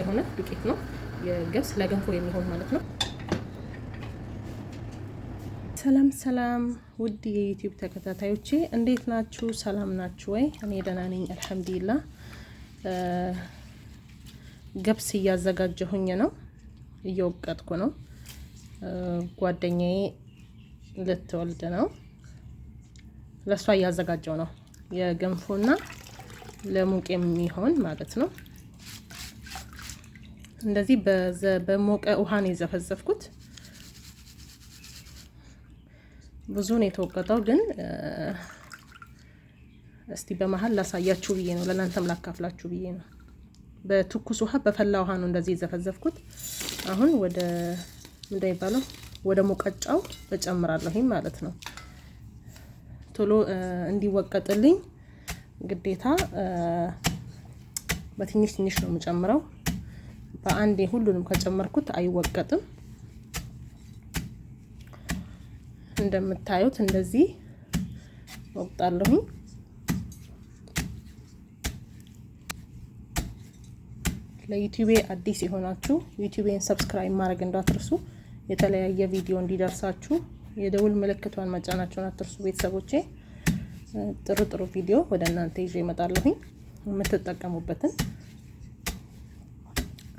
የሆነ ዱቄት ነው። የገብስ ለገንፎ የሚሆን ማለት ነው። ሰላም ሰላም፣ ውድ የዩቲዩብ ተከታታዮቼ እንዴት ናችሁ? ሰላም ናችሁ ወይ? እኔ ደህና ነኝ አልሐምዱሊላ። ገብስ እያዘጋጀሁኝ ነው፣ እየወቀጥኩ ነው። ጓደኛዬ ልትወልድ ነው፣ ለእሷ እያዘጋጀው ነው። የገንፎና ለሙቅ የሚሆን ማለት ነው እንደዚህ በሞቀ ውሃ ነው የዘፈዘፍኩት። ብዙ ነው የተወቀጠው፣ ግን እስቲ በመሀል ላሳያችሁ ብዬ ነው፣ ለእናንተም ላካፍላችሁ ብዬ ነው። በትኩስ ውሃ በፈላ ውሃ ነው እንደዚህ የዘፈዘፍኩት። አሁን ወደ ምንድን ይባለው ወደ ሙቀጫው እጨምራለሁ ማለት ነው። ቶሎ እንዲወቀጥልኝ ግዴታ በትንሽ ትንሽ ነው የምጨምረው። በአንዴ ሁሉንም ከጨመርኩት አይወቀጥም። እንደምታዩት እንደዚህ ወቅጣለሁኝ። ለዩቲዩቤ አዲስ የሆናችሁ ዩቲዩቤን ሰብስክራይብ ማድረግ እንዳትርሱ፣ የተለያየ ቪዲዮ እንዲደርሳችሁ የደውል ምልክቷን መጫናችሁን አትርሱ። ቤተሰቦቼ ጥሩ ጥሩ ቪዲዮ ወደ እናንተ ይዤ እመጣለሁኝ የምትጠቀሙበትን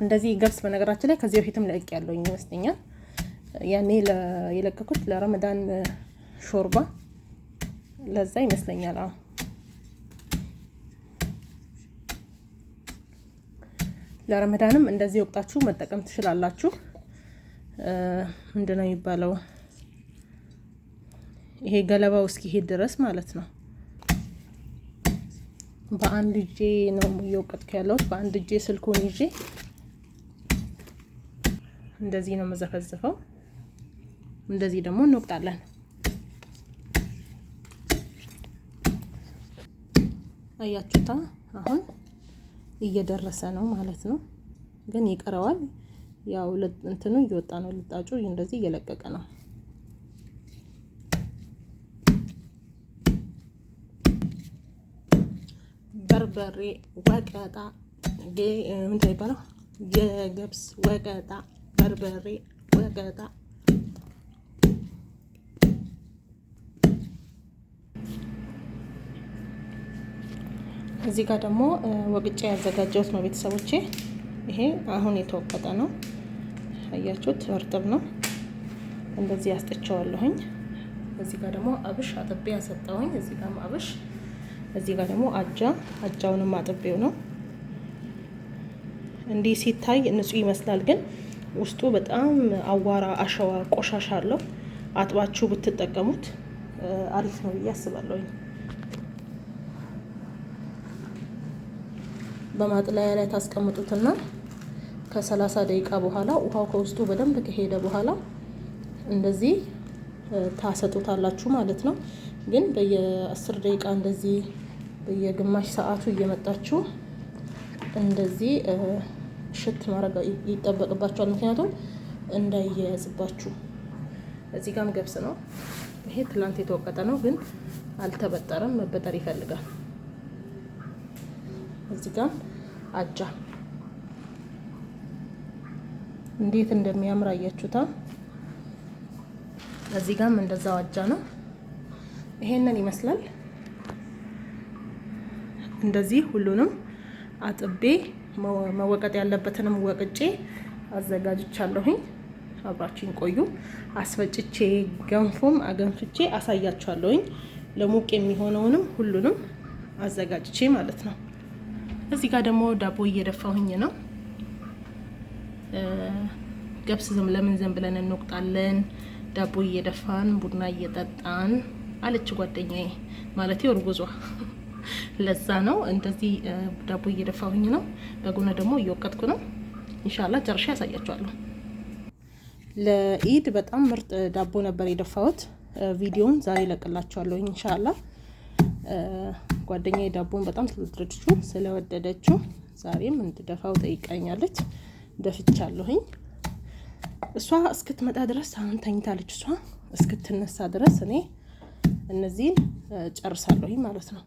እንደዚህ ገብስ በነገራችን ላይ ከዚህ በፊትም ለቅ ያለው ይመስለኛል። ያኔ የለቀኩት ለረመዳን ሾርባ ለዛ ይመስለኛል። አዎ ለረመዳንም እንደዚህ ወቅጣችሁ መጠቀም ትችላላችሁ። ምንድነው የሚባለው ይሄ ገለባው እስኪሄድ ድረስ ማለት ነው። በአንድ እጄ ነው እየወቀጥኩ ያለሁት፣ በአንድ እጄ ስልኩን ይዤ እንደዚህ ነው መዘፈዘፈው። እንደዚህ ደግሞ እንወቅጣለን። አያችሁታ አሁን እየደረሰ ነው ማለት ነው። ግን ይቀረዋል። ያው እንትኑ እየወጣ ነው፣ ልጣጩ እንደዚህ እየለቀቀ ነው። በርበሬ ወቀጣ ምንድን ነው የሚባለው? የገብስ ወቀጣ በርበሬ ወገጣ እዚህ ጋር ደግሞ ወቅጫ ያዘጋጀሁት ነው ቤተሰቦቼ። ይሄ አሁን የተወቀጠ ነው፣ አያችሁት፣ እርጥብ ነው። እንደዚህ ያስጥቸዋለሁኝ። እዚህ ጋር ደግሞ አብሽ አጥቤ ያሰጠሁኝ። እዚህ ጋር አብሽ፣ እዚህ ጋር ደግሞ አጃ፣ አጃውንም አጥቤው ነው። እንዲህ ሲታይ ንጹህ ይመስላል ግን ውስጡ በጣም አዋራ፣ አሸዋ፣ ቆሻሻ አለው። አጥባችሁ ብትጠቀሙት አሪፍ ነው ብዬ አስባለሁ። በማጥለያ ላይ ታስቀምጡትና ከሰላሳ ደቂቃ በኋላ ውሃው ከውስጡ በደንብ ከሄደ በኋላ እንደዚህ ታሰጡታላችሁ ማለት ነው። ግን በየአስር ደቂቃ እንደዚህ በየግማሽ ሰዓቱ እየመጣችሁ እንደዚህ ሽት ማድረግ ይጠበቅባቸዋል። ምክንያቱም እንዳይያያዝባችሁ። እዚህ ጋም ገብስ ነው። ይሄ ትላንት የተወቀጠ ነው፣ ግን አልተበጠረም። መበጠር ይፈልጋል። እዚህ ጋም አጃ እንዴት እንደሚያምር አያችሁታ። እዚህ ጋም እንደዛው አጃ ነው። ይሄንን ይመስላል። እንደዚህ ሁሉንም አጥቤ መወቀጥ ያለበትንም ወቅጬ አዘጋጅቻለሁኝ። አብራችሁን ቆዩ። አስፈጭቼ ገንፎም አገንፍቼ አሳያችኋለሁኝ። ለሙቅ የሚሆነውንም ሁሉንም አዘጋጅቼ ማለት ነው። እዚህ ጋር ደግሞ ዳቦ እየደፋሁኝ ነው። ገብስ ዝም ለምን ዘን ብለን እንወቅጣለን? ዳቦ እየደፋን ቡና እየጠጣን አለች ጓደኛዬ ማለት እርጉዟ ለዛ ነው እንደዚህ ዳቦ እየደፋሁኝ ነው። በጎነ ደግሞ እየወቀጥኩ ነው። እንሻላ ጨርሻ ያሳያቸዋለሁ። ለኢድ በጣም ምርጥ ዳቦ ነበር የደፋሁት። ቪዲዮውን ዛሬ ለቅላቸዋለሁ እንሻላ ጓደኛ ዳቦን በጣም ስለወደደችው ስለወደደችው ዛሬም እንድደፋው ጠይቃኛለች። ደፍቻለሁኝ። እሷ እስክትመጣ ድረስ አሁን ተኝታለች። እሷ እስክትነሳ ድረስ እኔ እነዚህን ጨርሳለሁኝ ማለት ነው።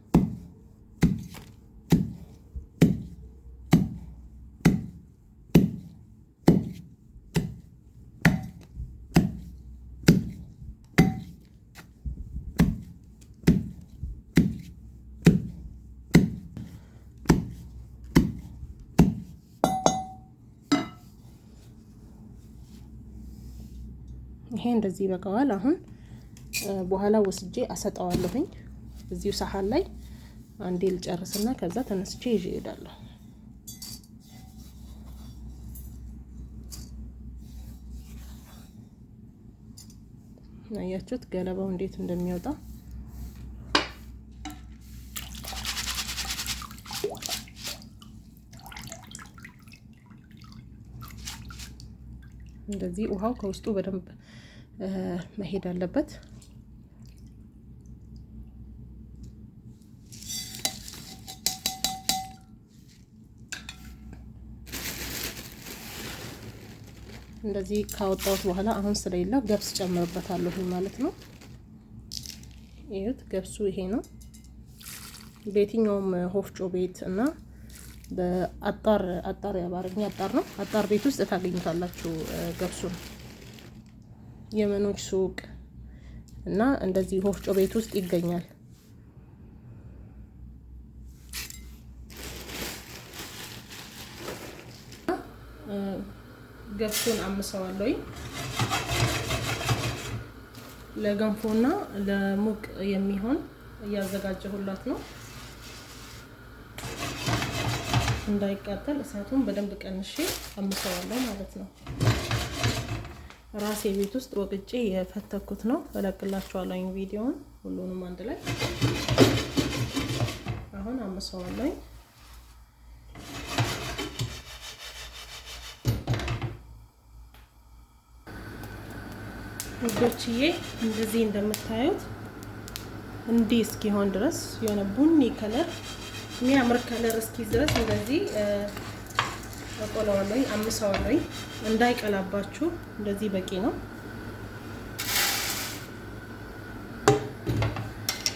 ይሄ እንደዚህ ይበቃዋል። አሁን በኋላ ወስጄ አሰጠዋለሁኝ እዚሁ ሳህን ላይ አንዴ ልጨርስና ከዛ ተነስቼ ይዤ እሄዳለሁ። አያችሁት ገለባው እንዴት እንደሚወጣ። እንደዚህ ውሃው ከውስጡ በደንብ መሄድ አለበት። እንደዚህ ካወጣሁት በኋላ አሁን ስለሌላ ገብስ ጨምርበታለሁ ማለት ነው። ይሁት ገብሱ ይሄ ነው። በየትኛውም ሆፍጮ ቤት እና በአጣር አጣር የአማርኛ አጣር ነው። አጣር ቤት ውስጥ ታገኙታላችሁ ነው። የመኖች ሱቅ እና እንደዚህ ወፍጮ ቤት ውስጥ ይገኛል። ገብሱን አምሰዋለሁኝ ለገንፎና ለሙቅ የሚሆን እያዘጋጀሁላት ነው። እንዳይቃጠል እሳቱን በደንብ ቀንሼ አምሰዋለሁ ማለት ነው። ራሴ ቤት ውስጥ ወቅጬ የፈተኩት ነው። እለቅላችኋለሁ ቪዲዮውን ሁሉንም አንድ ላይ አሁን አምሰዋለሁ። ውዶችዬ እንደዚህ እንደምታዩት እንዲህ እስኪሆን ድረስ የሆነ ቡኒ ከለር የሚያምር ከለር እስኪ ድረስ እንደዚህ እቆለዋለሁኝ አምሰዋለሁኝ። እንዳይቀላባችሁ እንደዚህ በቂ ነው።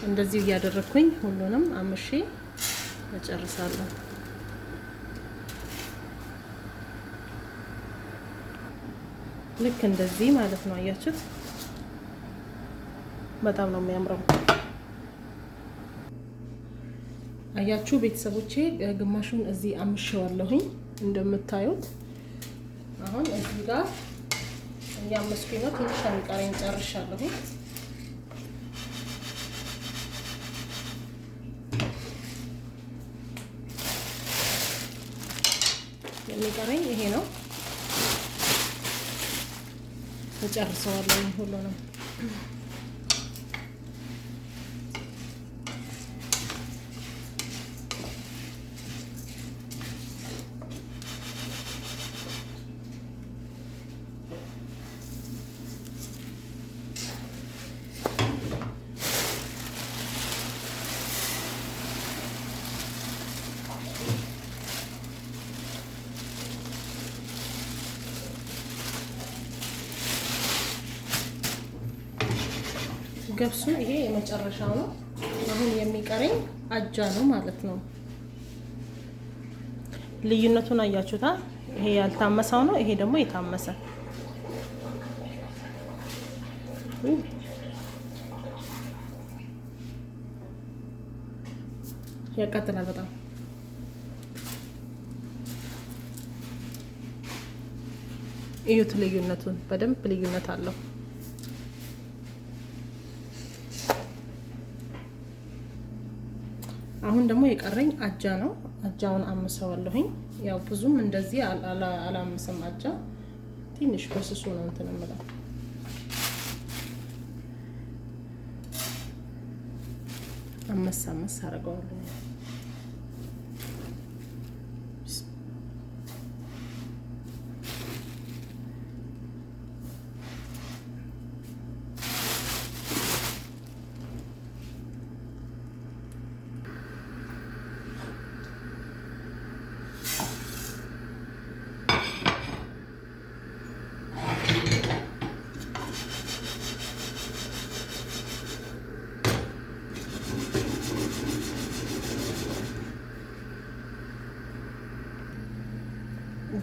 እንደዚህ እያደረግኩኝ ሁሉንም አምሼ እጨርሳለሁ። ልክ እንደዚህ ማለት ነው። አያችሁት? በጣም ነው የሚያምረው። አያችሁ ቤተሰቦቼ፣ ግማሹን እዚህ አምሼዋለሁኝ። እንደምታዩት አሁን እዚህ ጋር እያመስኩኝ ነው። ትንሽ የሚቀረኝ ጨርሻለሁ። የሚቀረኝ ይሄ ነው። እጨርሰዋለሁ ሁሉንም ገብሱ ይሄ የመጨረሻ ነው። አሁን የሚቀረኝ አጃ ነው ማለት ነው። ልዩነቱን አያችሁታ? ይሄ ያልታመሰው ነው፣ ይሄ ደግሞ የታመሰ ያቃጥላል በጣም እዩት ልዩነቱን በደንብ ልዩነት አለው። አሁን ደግሞ የቀረኝ አጃ ነው። አጃውን አምሰዋለሁኝ። ያው ብዙም እንደዚህ አላምስም። አጃ ትንሽ በስሱ ነው እንትን እምለው አመሳ አመሳ አረገዋለሁ።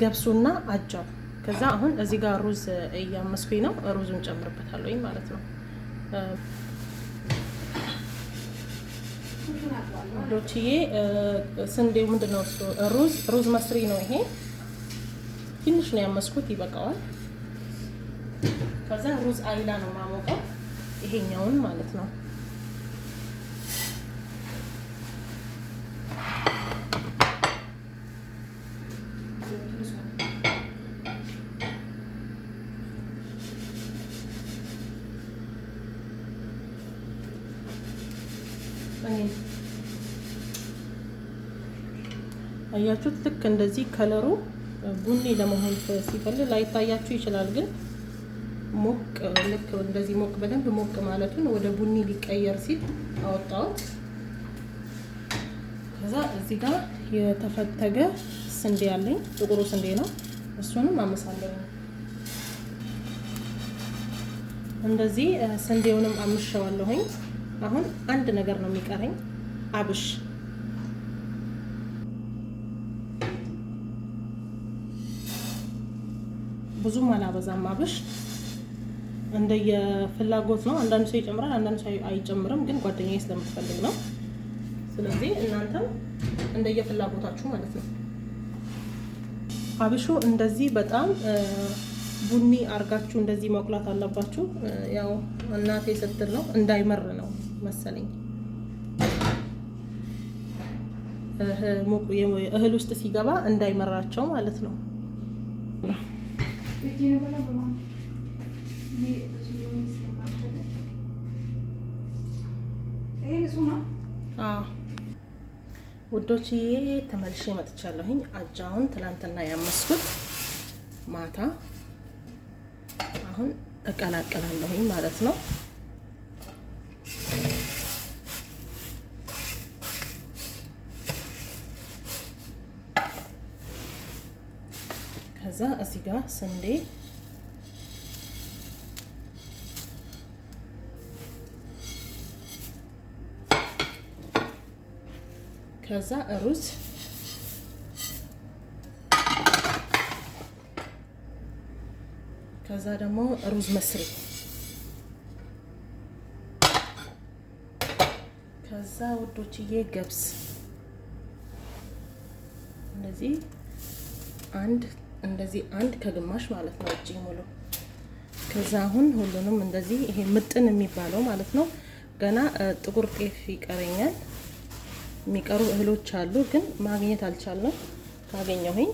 ገብሱና አጃው ከዛ አሁን እዚህ ጋር ሩዝ እያመስኩኝ ነው። ሩዙን ጨምርበታለሁ ማለት ነው። ዶችዬ ስንዴው ምንድን ነው? ሩዝ ሩዝ መስሪ ነው ይሄ። ትንሽ ነው ያመስኩት፣ ይበቃዋል። ከዛ ሩዝ አይላ ነው ማሞቀው ይሄኛውን ማለት ነው። አያችሁት? ልክ እንደዚህ ከለሩ ቡኒ ለመሆን ሲፈልግ ላይታያችሁ ይችላል። ግን ሞቅ ልክ እንደዚህ ሞቅ በደንብ ሞቅ ማለቱን ወደ ቡኒ ሊቀየር ሲል አወጣሁት። ከዛ እዚህ ጋር የተፈተገ ስንዴ ያለኝ ጥቁሩ ስንዴ ነው። እሱንም አመሳለሁ። እንደዚህ ስንዴውንም አምሸዋለሁኝ። አሁን አንድ ነገር ነው የሚቀረኝ አብሽ ብዙም አላበዛም አብሽ እንደየፍላጎት ነው። አንዳንድ ሰው ይጨምራል፣ አንዳንድ ሰው አይጨምርም። ግን ጓደኛዬ ስለምትፈልግ ነው። ስለዚህ እናንተም እንደየፍላጎታችሁ ማለት ነው። አብሹ እንደዚህ በጣም ቡኒ አርጋችሁ እንደዚህ መቁላት አለባችሁ። ያው እናቴ ስትል ነው እንዳይመር ነው መሰለኝ እህል ውስጥ ሲገባ እንዳይመራቸው ማለት ነው። ውዶችዬ ተመልሼ መጥቻለሁኝ። አጃውን ትላንትና ያመስኩት ማታ አሁን እቀላቀላለሁኝ ማለት ነው። ከዛ እዚህ ጋር ስንዴ ከዛ ሩዝ ከዛ ደግሞ ሩዝ መስሪ ከዛ ውዶችዬ ገብስ እንደዚህ አንድ እንደዚህ አንድ ከግማሽ ማለት ነው እጅ ሙሉ። ከዛ አሁን ሁሉንም እንደዚህ ይሄ ምጥን የሚባለው ማለት ነው። ገና ጥቁር ጤፍ ይቀረኛል። የሚቀሩ እህሎች አሉ፣ ግን ማግኘት አልቻለም። ካገኘሁኝ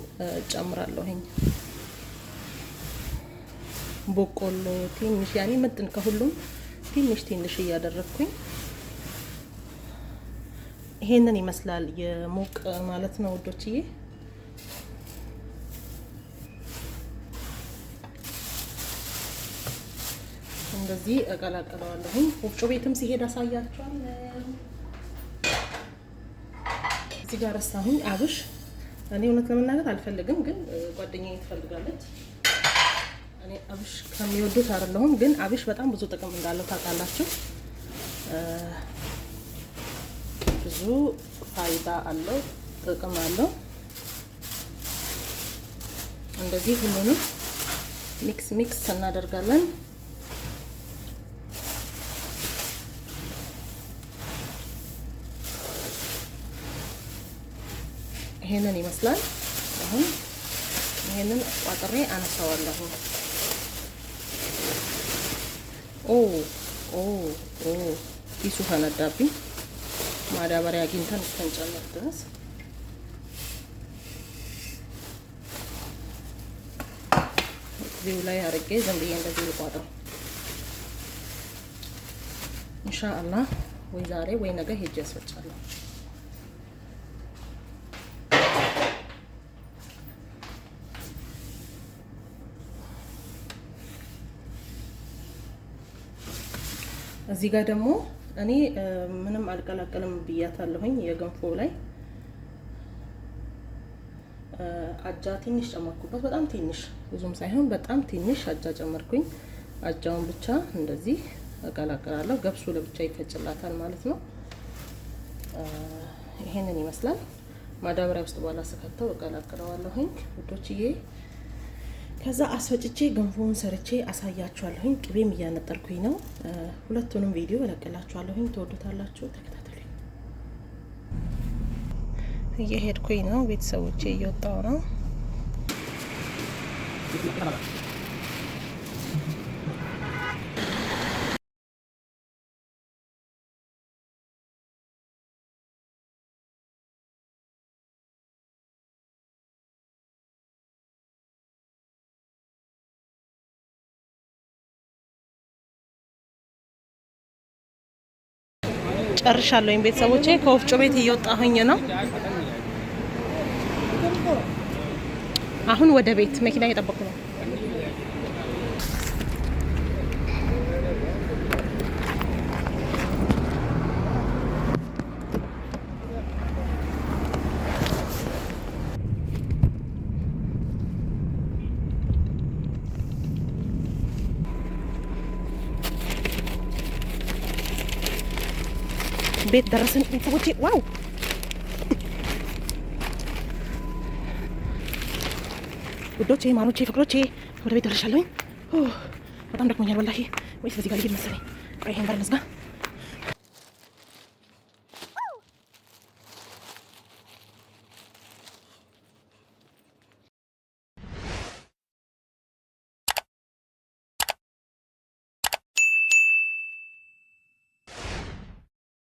ጨምራለሁኝ ቦቆሎ ትንሽ ያኔ ምጥን ከሁሉም ትንሽ ትንሽ እያደረግኩኝ ይሄንን ይመስላል የሙቅ ማለት ነው ውዶችዬ። እንደዚህ እቀላቅለዋለሁ። ወፍጮ ቤትም ሲሄድ አሳያቸዋለሁ። እዚህ ጋር ረሳሁኝ አብሽ። እኔ እውነት ለመናገር አልፈልግም፣ ግን ጓደኛዬ ትፈልጋለች። እኔ አብሽ ከሚወዱት አይደለሁም፣ ግን አብሽ በጣም ብዙ ጥቅም እንዳለው ታውቃላችሁ። ብዙ ፋይዳ አለው፣ ጥቅም አለው። እንደዚህ ሁሉንም ሚክስ ሚክስ እናደርጋለን። ይሄንን ይመስላል። አሁን ይሄንን ቋጥሬ አነሳዋለሁ። ኦ ኦ ኦ ኪሱ ፈነዳብኝ። ማዳበሪያ አግኝተን እስከንጨምር ድረስ እዚሁ ላይ አርጌ ዝም ብዬ እንደዚህ ልቋጥረው። ኢንሻአላህ ወይ ዛሬ ወይ ነገ ሄጄ ያስፈጫለሁ። እዚህ ጋር ደግሞ እኔ ምንም አልቀላቀልም ብያታለሁኝ። የገንፎ ላይ አጃ ትንሽ ጨመርኩበት፣ በጣም ትንሽ፣ ብዙም ሳይሆን በጣም ትንሽ አጃ ጨመርኩኝ። አጃውን ብቻ እንደዚህ እቀላቅላለሁ። ገብሱ ለብቻ ይፈጭላታል ማለት ነው። ይሄንን ይመስላል። ማዳበሪያ ውስጥ በኋላ ስከተው እቀላቅለዋለሁኝ ውዶችዬ። ከዛ አስፈጭቼ ገንፎውን ሰርቼ አሳያችኋለሁኝ። ቅቤም እያነጠርኩኝ ነው። ሁለቱንም ቪዲዮ እለቅላችኋለሁኝ። ትወዱታላችሁ። ተከታተሉኝ። እየሄድኩኝ ነው ቤተሰቦቼ፣ እየወጣው ነው ጨርሻለሁኝ ቤተሰቦቼ። ከወፍጮ ቤት እየወጣሁኝ ነው። አሁን ወደ ቤት መኪና እየጠበቁ ነው። ቤት ደረስን ቤተሰቦቼ። ዋው ውዶቼ፣ ማኖቼ፣ ፍቅሮቼ ወደ ቤት ደረሻለሁኝ። በጣም ደክሞኛል ወላሂ። ወይስ በዚህ ጋር ልሄድ መሰለኝ። ቆይ ይሄን ጋር እንዝጋ።